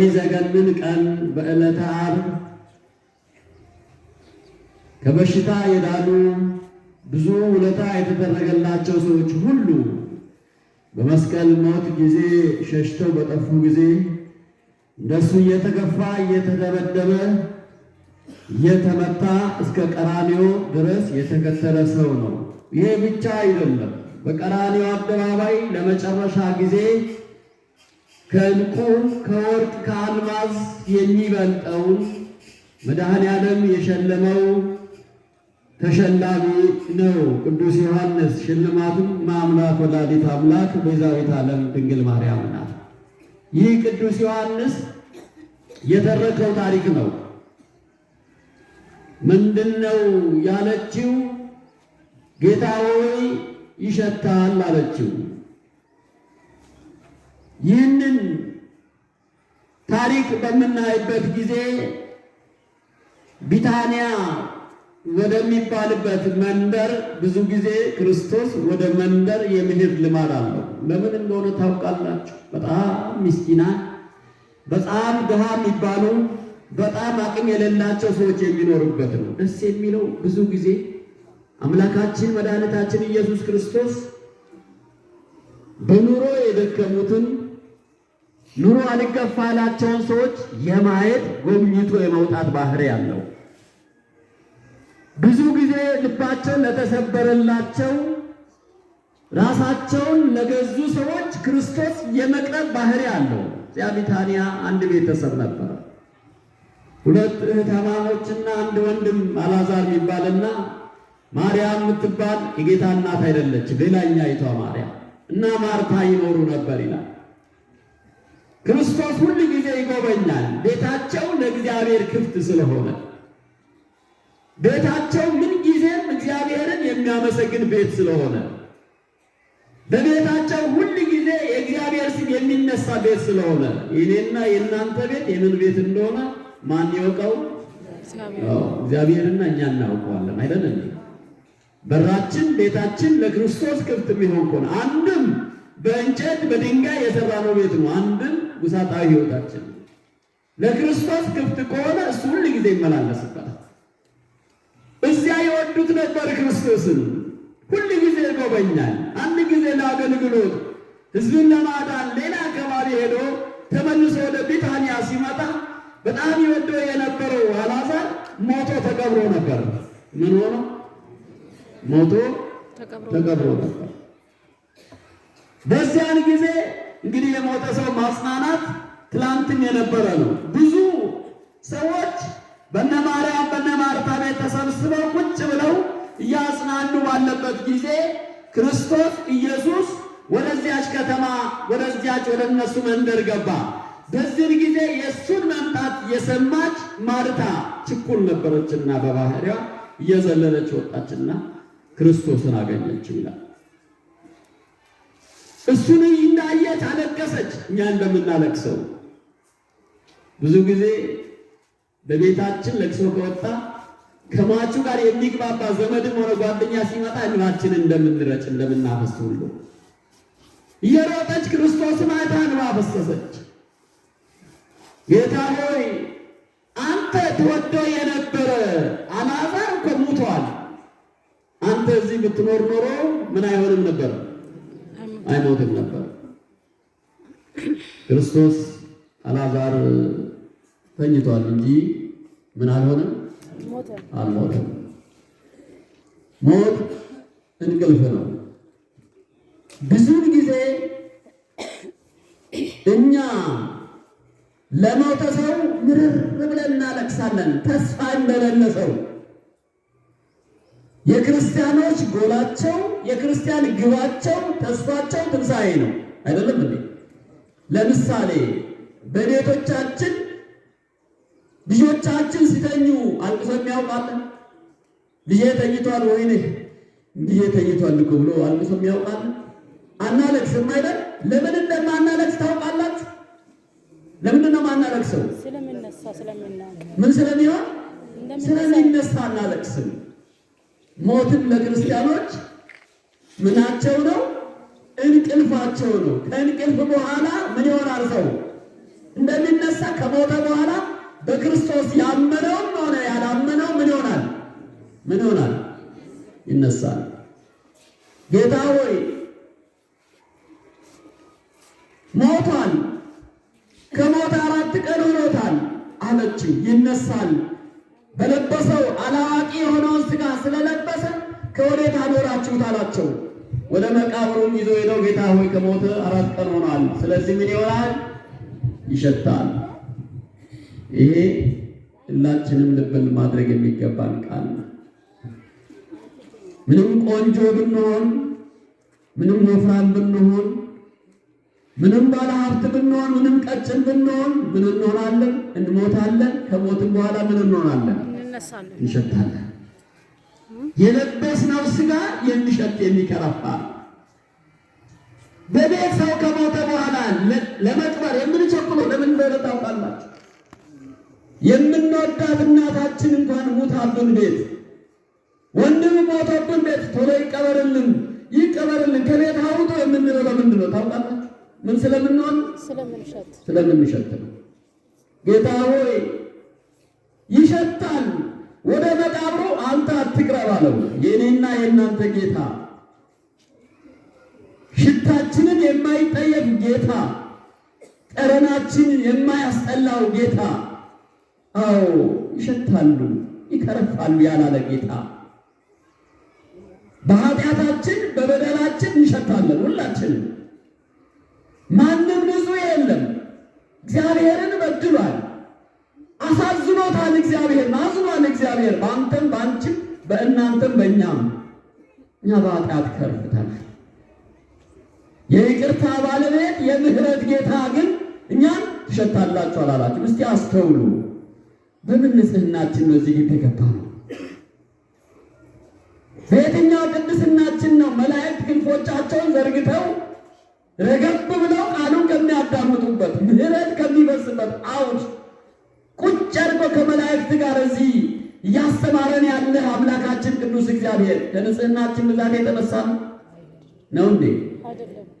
በሚዘገንን ቀን በዕለተ ዓርብ ከበሽታ የዳኑ ብዙ ውለታ የተደረገላቸው ሰዎች ሁሉ በመስቀል ሞት ጊዜ ሸሽተው በጠፉ ጊዜ እንደሱ እየተገፋ እየተደበደበ እየተመታ እስከ ቀራንዮ ድረስ የተከተለ ሰው ነው። ይሄ ብቻ አይደለም። በቀራንዮ አደባባይ ለመጨረሻ ጊዜ ከእንቁ ከወርቅ ከአልማዝ የሚበልጠውን መድኃኔ ዓለም የሸለመው ተሸላሚ ነው ቅዱስ ዮሐንስ። ሽልማቱም ማምላክ ወላዲት አምላክ ቤዛዊት ዓለም ድንግል ማርያም ናት። ይህ ቅዱስ ዮሐንስ የተረከው ታሪክ ነው። ምንድን ነው ያለችው? ጌታ ሆይ ይሸታል አለችው። ይህንን ታሪክ በምናይበት ጊዜ ቢታንያ ወደሚባልበት መንደር ብዙ ጊዜ ክርስቶስ ወደ መንደር የመሄድ ልማድ አለው። ለምን እንደሆነ ታውቃላችሁ? በጣም ምስኪናን፣ በጣም ድሃ የሚባሉ በጣም አቅም የሌላቸው ሰዎች የሚኖሩበት ነው። ደስ የሚለው ብዙ ጊዜ አምላካችን መድኃኒታችን ኢየሱስ ክርስቶስ በኑሮ የደከሙትን ኑሮ አልገፋ ያላቸውን ሰዎች የማየት ጎብኝቶ የመውጣት ባህሪ ያለው ብዙ ጊዜ ልባቸውን ለተሰበረላቸው ራሳቸውን ለገዙ ሰዎች ክርስቶስ የመቅረብ ባህሪ አለው። እዚያ ቢታንያ አንድ ቤተሰብ ነበረ። ሁለት እህታማኖችና አንድ ወንድም አላዛር የሚባልና ማርያም የምትባል የጌታ እናት አይደለች፣ ሌላኛ ይቷ ማርያም እና ማርታ ይኖሩ ነበር ይላል። ክርስቶስ ሁል ጊዜ ይጎበኛል። ቤታቸው ለእግዚአብሔር ክፍት ስለሆነ ቤታቸው ምን ጊዜም እግዚአብሔርን የሚያመሰግን ቤት ስለሆነ በቤታቸው ሁል ጊዜ የእግዚአብሔር ስም የሚነሳ ቤት ስለሆነ የኔና የእናንተ ቤት የምን ቤት እንደሆነ ማን ይወቀው? እግዚአብሔርና እኛ እናውቀዋለን አይደል? በራችን ቤታችን ለክርስቶስ ክፍት የሚሆን ከሆነ አንድም በእንጨት በድንጋይ የሰራነው ቤት ነው፣ አንድም ውሳጣዊ ህይወታችን ለክርስቶስ ክፍት ከሆነ እሱ ሁል ጊዜ ይመላለስበታል። እዚያ የወዱት ነበር ክርስቶስን። ሁል ጊዜ ይጎበኛል። አንድ ጊዜ ለአገልግሎት ህዝብን ለማዳን ሌላ አካባቢ ሄዶ ተመልሶ ወደ ቢታንያ ሲመጣ በጣም ይወደው የነበረው አልዓዛር ሞቶ ተቀብሮ ነበር። ምን ሆነው ሞቶ ተቀብሮ ነበር። በዚያን ጊዜ እንግዲህ የሞተ ሰው ማጽናናት ትላንትም የነበረ ነው። ብዙ ሰዎች በነ ማርያም በነ ማርታ ቤት ተሰብስበው ቁጭ ብለው እያጽናኑ ባለበት ጊዜ ክርስቶስ ኢየሱስ ወደዚያች ከተማ ወደዚያች ወደ እነሱ መንደር ገባ። በዚህን ጊዜ የእሱን መምጣት የሰማች ማርታ ችኩል ነበረችና በባህሪዋ እየዘለለች ወጣችና ክርስቶስን አገኘችው ይላል። እሱን እንዳየች አለቀሰች። እኛ እንደምናለቅሰው ብዙ ጊዜ በቤታችን ለቅሶ ከወጣ ከሟቹ ጋር የሚግባባ ዘመድም ሆነ ጓደኛ ሲመጣ እንባችንን እንደምንረጭ እንደምናፈስ ሁሉ እየሮጠች ክርስቶስን አይታ እንባ ፈሰሰች። ጌታ ሆይ አንተ ትወደው የነበረ አልዓዛር እኮ ሙቷል። አንተ እዚህ ብትኖር ኖሮ ምን አይሆንም ነበር? አይሞትም ነበር። ክርስቶስ አላዛር ተኝቷል እንጂ ምን አልሆነም? አልሞተም። ሞት እንቅልፍ ነው። ብዙን ጊዜ እኛ ለሞተ ሰው ምርር ብለን እናለቅሳለን፣ ተስፋ እንደሌለ ሰው የክርስቲያኖች ጎላቸው የክርስቲያን ግባቸው ተስፋቸው ትንሣኤ ነው። አይደለም እንዴ? ለምሳሌ በቤቶቻችን ልጆቻችን ሲተኙ አልቅሶ የሚያውቃለን? ልጄ ተኝቷል፣ ወይኔ ልጄ ተኝቷል እኮ ብሎ አልቅሶ የሚያውቃለን? አናለቅስም አይደል? ለምን እንደማናለቅስ ታውቃላችሁ? ለምንድን ነው ማናለቅሰው? ምን ስለሚሆን ስለሚነሳ እናለቅስም ሞትም ለክርስቲያኖች ምናቸው ነው፣ እንቅልፋቸው ነው። ከእንቅልፍ በኋላ ምን ይሆናል? ሰው እንደሚነሳ ከሞተ በኋላ በክርስቶስ ያመነውም ሆነ ያላመነው ምን ይሆናል? ምን ይሆናል? ይነሳል። ጌታ ሆይ ሞቷል፣ ከሞተ አራት ቀን ሆኖታል አለችው። ይነሳል በለበሰው አላዋቂ የሆነውን ስጋ ስለለበሰ ከወዴት አኖራችሁት አላቸው። ወደ መቃብሩም ይዞ ሄደው ጌታ ሆይ ከሞተ አራት ቀን ሆኗል፣ ስለዚህ ምን ይሆናል? ይሸታል። ይሄ ሁላችንም ልብን ማድረግ የሚገባን ቃል ነው። ምንም ቆንጆ ብንሆን፣ ምንም ወፍራም ብንሆን ምንም ባለ ሀብት ብንሆን፣ ምንም ቀጭን ብንሆን ምን እንሆናለን? እንሞታለን። ከሞትም በኋላ ምን እንሆናለን? እንሸታለን። የለበስነው ስጋ የሚሸት የሚከረፋ በቤት ሰው ከሞተ በኋላ ለመቅበር የምንቸኩለው ለምን እንደሆነ ታውቃላችሁ? የምንወዳት እናታችን እንኳን ሙታብን ቤት ወንድም ሞቶብን ቤት ቶሎ ይቀበርልን ይቀበርልን ከቤት አውጡ የምንለው ለምንድን ነው ታውቃላችሁ? ምን ስለምንሆን ስለምንሸት ስለምንሸት ነው። ጌታ ሆይ ይሸታል። ወደ መቃብሩ አንተ አትቅረብ አለው። የኔና የእናንተ ጌታ ሽታችንን የማይጠየፍ ጌታ፣ ጠረናችንን የማያስጠላው ጌታ። አዎ ይሸታሉ፣ ይከረፋሉ ያላለ ጌታ በኃጢአታችን በበደላችን እንሸታለን ሁላችንም ማንም ብዙ የለም። እግዚአብሔርን በድሏል፣ አሳዝኖታል። እግዚአብሔር ማዝኗል። እግዚአብሔር በአንተም በአንችም በእናንተም በእኛም እኛ በኃጢአት ከርፍተናል። የይቅርታ ባለቤት የምህረት ጌታ ግን እኛን ትሸታላችሁ አላላችሁ። እስቲ አስተውሉ። በምን ንጽህናችን ነው እዚህ ግቢ የገባ ነው? በየትኛው ቅድስናችን ነው መላእክት ክንፎቻቸውን ዘርግተው ረገብ ብለው ቃሉን ከሚያዳምጡበት ምሕረት ከሚበስበት አውድ ቁጭ አድርጎ ከመላእክት ጋር እዚህ እያስተማረን ያለ አምላካችን ቅዱስ እግዚአብሔር ለንጽህናችን ብዛት የተነሳ ነው እንዴ?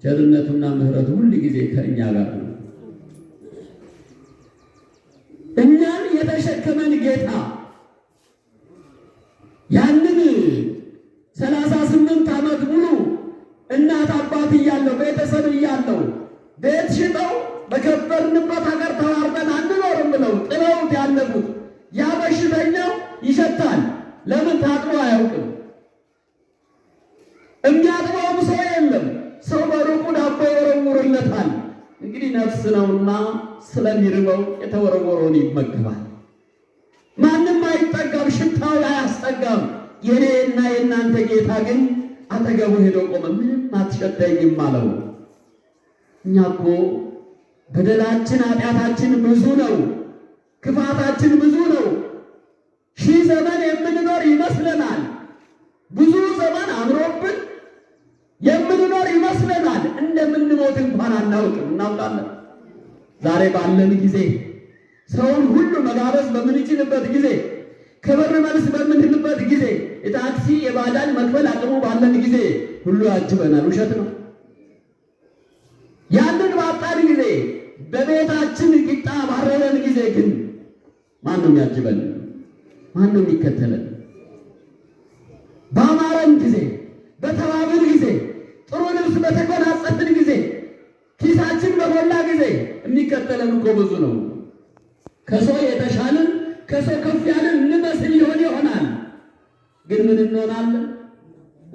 ቸርነቱና ምሕረቱ ሁል ጊዜ ከእኛ ጋር ነው። እኛን የተሸከመን ጌታ ያንን ሰላሳ ስምንት ዓመት ሙሉ እናት አባት እያለው ቤተሰብ እያለው ቤት ሽጠው በከበርንበት ሀገር ተዋርደን አንኖርም ብለው ጥለውት ያለፉት ያ በሽተኛው ይሸታል። ለምን ታጥቦ አያውቅም። እሚያጥበውም ሰው የለም። ሰው በሩቁ ዳቦ ይወረውርለታል። እንግዲህ ነፍስ ነውና ስለሚርበው የተወረወረውን ይመገባል። ማንም አይጠጋም፣ ሽታው አያስጠጋም። የኔ እና የእናንተ ጌታ ግን አጠገቡ ሄዶ ቆመ። ምንም አትሸተኝም አለው። እኛ እኮ በደላችን ኃጢአታችን ብዙ ነው፣ ክፋታችን ብዙ ነው። ሺህ ዘመን የምንኖር ይመስለናል። ብዙ ዘመን አምሮብን የምንኖር ይመስለናል። እንደምንሞት እንኳን አናውቅም፣ እናውቃለን። ዛሬ ባለን ጊዜ ሰውን ሁሉ መጋበዝ በምንችልበት ጊዜ ክብር መልስ በምንልበት ጊዜ የታክሲ የባዳን መክፈል አቅሙ ባለን ጊዜ ሁሉ ያጅበናል። ውሸት ነው። ያንን ባጣን ጊዜ በቤታችን ቂጣ ባረረን ጊዜ ግን ማንም ያጅበን? ማንም ይከተለን? ባማረን ጊዜ በተባብን ጊዜ ጥሩ ልብስ በተጎናጸፍን ጊዜ ኪሳችን በሞላ ጊዜ የሚከተለን እኮ ብዙ ነው። ከሰው የተሻለን ከሰው ከፍ ያለን እንመስል ይሆን ይሆናል ግን ምን እንሆናለን?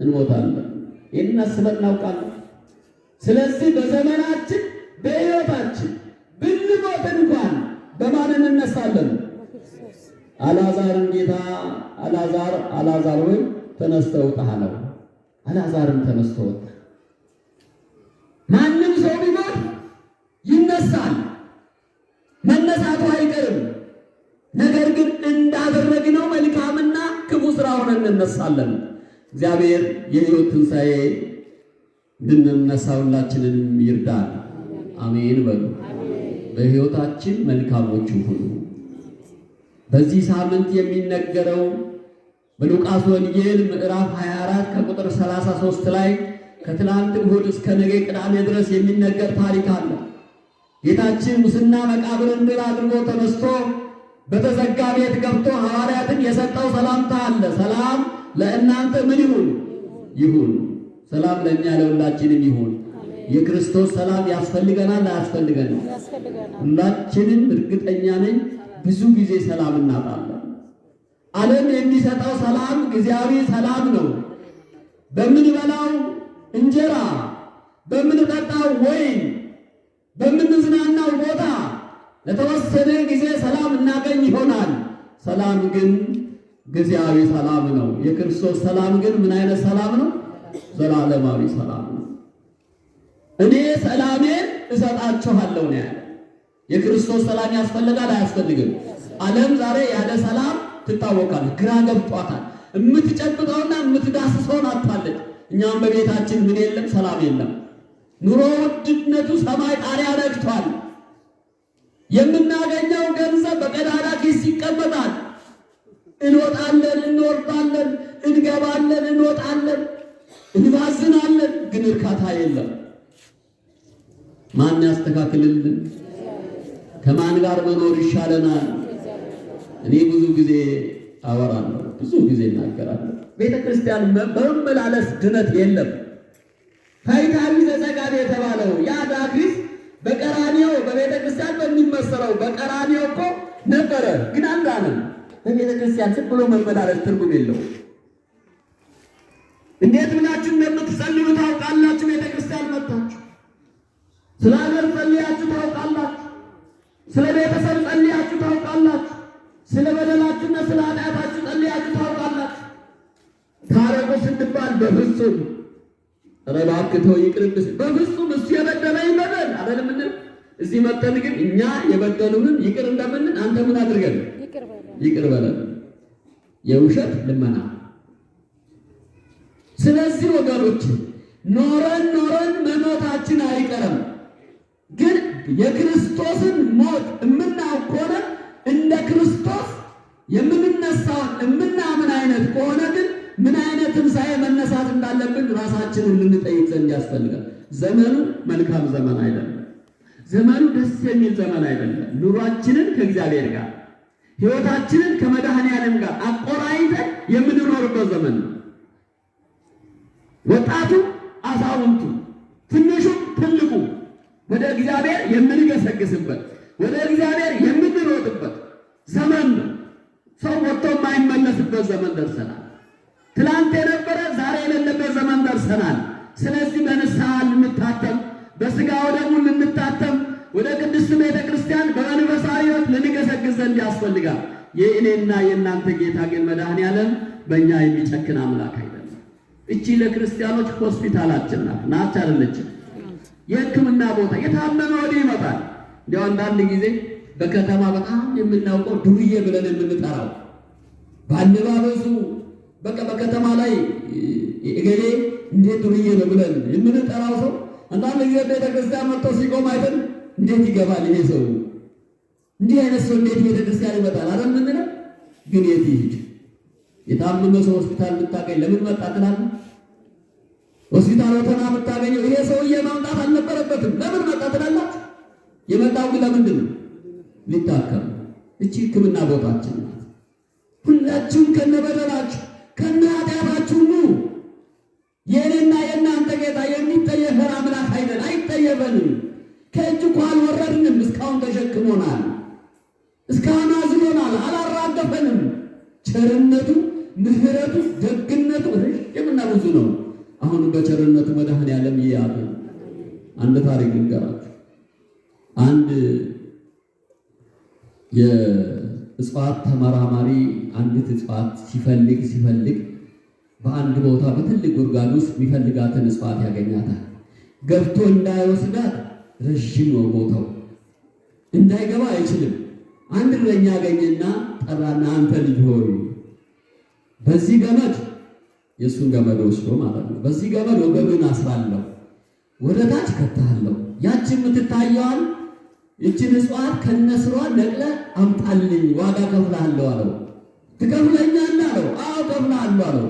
እንሞታለን። ይህን አስበን እናውቃለን። ስለዚህ በዘመናችን በሕይወታችን ብንሞት እንኳን በማን እንነሳለን? አልዓዛርን ጌታ አልዓዛር አልዓዛር ወይም ተነስተው ውጣ አለው። አልዓዛርም ተነስቶ ወጣ። ማንም ሰው ቢሞት ይነሳል፣ መነሳቱ አይቀርም። ነገር ግን እንዳደረግነው መልካምን ክፉ ስራ ሆነን እንነሳለን። እግዚአብሔር የህይወት ትንሣኤ እንድንነሳ ሁላችንንም ይርዳል። አሜን በሉ። በህይወታችን መልካሞች ሁሉ በዚህ ሳምንት የሚነገረው በሉቃስ ወንጌል ምዕራፍ 24 ከቁጥር 33 ላይ ከትላንት እሁድ እስከ ነገ ቅዳሜ ድረስ የሚነገር ታሪክ አለ። ጌታችን ሙስና መቃብርን ድል አድርጎ ተነስቶ በተዘጋ ቤት ገብቶ ሐዋርያትን የሰጠው ሰላምታ አለ። ሰላም ለእናንተ ምን ይሁን ይሁን። ሰላም ለእኛ ለሁላችንም ይሁን። የክርስቶስ ሰላም ያስፈልገናል አያስፈልገንም? ሁላችንም እርግጠኛ ነኝ ብዙ ጊዜ ሰላም እናጣለን። ዓለም የሚሰጠው ሰላም ጊዜያዊ ሰላም ነው። በምንበላው እንጀራ፣ በምንጠጣው ወይን፣ በምንዝናናው ቦታ ለተወሰነ ጊዜ ሰላም እናገኝ ይሆናል። ሰላም ግን ጊዜያዊ ሰላም ነው። የክርስቶስ ሰላም ግን ምን አይነት ሰላም ነው? ዘላለማዊ ሰላም ነው። እኔ ሰላሜን እሰጣችኋለሁ ነው ያለ። የክርስቶስ ሰላም ያስፈልጋል አያስፈልግም? ዓለም ዛሬ ያለ ሰላም ትታወቃለ ግራ ገብጧታል። የምትጨብጠውና የምትዳስሰውን አጥታለች። እኛም በቤታችን ምን የለም? ሰላም የለም። ኑሮ ውድነቱ ሰማይ ጣሪያ ነግቷል። የምናገኘው ገንዘብ በቀዳዳ ኪስ ይቀመጣል። እንወጣለን፣ እንወርዳለን፣ እንገባለን፣ እንወጣለን፣ እንባዝናለን፣ ግን እርካታ የለም። ማን ያስተካክልልን? ከማን ጋር መኖር ይሻለናል? እኔ ብዙ ጊዜ አወራለሁ፣ ብዙ ጊዜ እናገራለሁ። ቤተ ክርስቲያን በመመላለስ ድነት የለም። በቤተ ክርስቲያን በሚመሰለው በቀራንዮ እኮ ነበረ፣ ግን አልዳነም። በቤተ ክርስቲያን ዝም ብሎ መመላለስ ትርጉም የለው። እንዴት ብላችሁ እንደምትጸልዩ ታውቃላችሁ። ቤተ ክርስቲያን መጣችሁ፣ ስለ ሀገር ጸልያችሁ ታውቃላችሁ። ስለ ቤተሰብ ጸልያችሁ ታውቃላችሁ። ስለ በደላችሁና ስለ ኃጢአታችሁ ጸልያችሁ ታውቃላችሁ። ታረቁ ስንባል በፍጹም እባክህ ይቅርብስ፣ በፍጹም እሱ የበደለ ይበደል አደለም እዚህ መጠን ግን እኛ የበደሉንን ይቅር እንደምንን አንተ ምን አድርገን ይቅር በለን። የውሸት ልመና። ስለዚህ ወገኖች ኖረን ኖረን መሞታችን አይቀርም። ግን የክርስቶስን ሞት የምናውቅ ከሆነ እንደ ክርስቶስ የምንነሳውን የምናምን አይነት ከሆነ ግን ምን አይነት ትንሣኤ መነሳት እንዳለብን ራሳችንን ልንጠይቅ ዘንድ ያስፈልጋል። ዘመኑ መልካም ዘመን አይደለም። ዘመኑ ደስ የሚል ዘመን አይደለም። ኑሯችንን ከእግዚአብሔር ጋር ሕይወታችንን ከመድኃኔ ዓለም ጋር አቆራኝተን የምንኖርበት ዘመን ነው። ወጣቱ፣ አዛውንቱ፣ ትንሹም ትልቁ ወደ እግዚአብሔር የምንገሰግስበት ወደ እግዚአብሔር የምንሮጥበት ዘመን ነው። ሰው ወጥቶ የማይመለስበት ዘመን ደርሰናል። ትላንት የነበረ ዛሬ የሌለበት ዘመን ደርሰናል። ስለዚህ በንስሐ ልንታተም በስጋ ወደሙ ልንታተም ወደ ቅድስት ቤተ ክርስቲያን በአንበሳ ሕይወት ልንገሰግስ ዘንድ ያስፈልጋል። የእኔና የእናንተ ጌታ ግን መድኃኔዓለም በእኛ የሚጨክን አምላክ አይደለም። እቺ ለክርስቲያኖች ሆስፒታላችን ናት ናች አይደለችም? የሕክምና ቦታ የታመመ ወደ ይመጣል። እንዲያው አንዳንድ ጊዜ በከተማ በጣም የምናውቀው ዱርዬ ብለን የምንጠራው በአለባበሱ በቃ በከተማ ላይ እገሌ እንዴት ዱርዬ ነው ብለን የምንጠራው ሰው አንዳንድ ጊዜ ቤተክርስቲያን መጥቶ ሲቆም አይተን እንዴት ይገባል? ይሄ ሰው እንዲህ አይነት ሰው እንዴት ቤተክርስቲያን ይመጣል? አረ ምንድነው ግን የት ይሄድ? የታመመ ሰው ሆስፒታል ብታገኝ ለምን መጣ ትላለህ? ሆስፒታል ወተና ብታገኘው ይሄ ሰውዬ ማምጣት አልነበረበትም ለምን መጣ ትላላችሁ? የመጣው ግን ለምንድን ነው? ሊታከም። እቺ ህክምና ቦታችን ናት። ሁላችሁም ከነበደላችሁ እስካሁን ተሸክሞናል፣ እስካሁን አዝኖናል፣ አላራገፈንም። ቸርነቱ፣ ምህረቱ ደግነቱ ረዥምና ብዙ ነው። አሁን በቸርነቱ መድኃኔዓለም ይያሉ። አንድ ታሪክ ልንገራችሁ። አንድ የእጽዋት ተመራማሪ አንዲት እጽዋት ሲፈልግ ሲፈልግ በአንድ ቦታ በትልቅ ጉድጓድ ውስጥ የሚፈልጋትን እጽዋት ያገኛታል። ገብቶ እንዳይወስዳት ረዥም ነው ቦታው እንዳይገባ አይችልም። አንድ እረኛ አገኘና ጠራና አንተ ልጅ ሆይ በዚህ ገመድ የእሱን ገመድ ወስዶ ማለት ነው። በዚህ ገመድ ወገብን አስራለሁ፣ ወደ ታች ከታለሁ። ያች የምትታየዋል እችን እጽዋት ከነስሯ ነቅለህ አምጣልኝ፣ ዋጋ ከፍላለሁ አለው። ትከፍለኛለህ አለው። አዎ ከፍላለሁ አለው።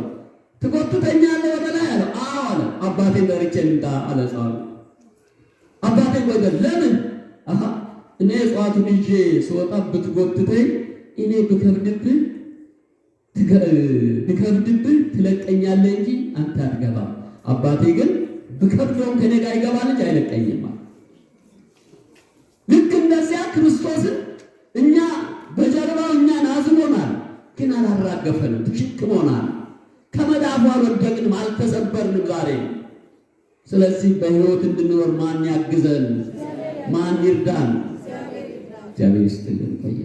ትጎትተኛለህ ወደ ላይ አለው። አዎ አለ። አባቴ ደርቼ ልምጣ አለ። አባቴ ወደ ለምን እኔ እጽዋቱን ይዤ ስወጣ ብትጎትተኝ እኔ ብከብድብህ ብከብድብህ ትለቀኛለህ እንጂ አንተ አትገባም። አባቴ ግን ብከብደውም ከኔ ጋር ይገባል እንጂ አይለቀኝም። ልክ እንደዚያ ክርስቶስን እኛ በጀርባው እኛን አዝኖናል፣ ግን አላራገፈንም፣ ተሸክሞናል። ከመዳፉ አልወደቅንም፣ አልተሰበርንም ዛሬ። ስለዚህ በሕይወት እንድንኖር ማን ያግዘን? ማን ይርዳን? እግዚአብሔር ይስጥልን። ቆየ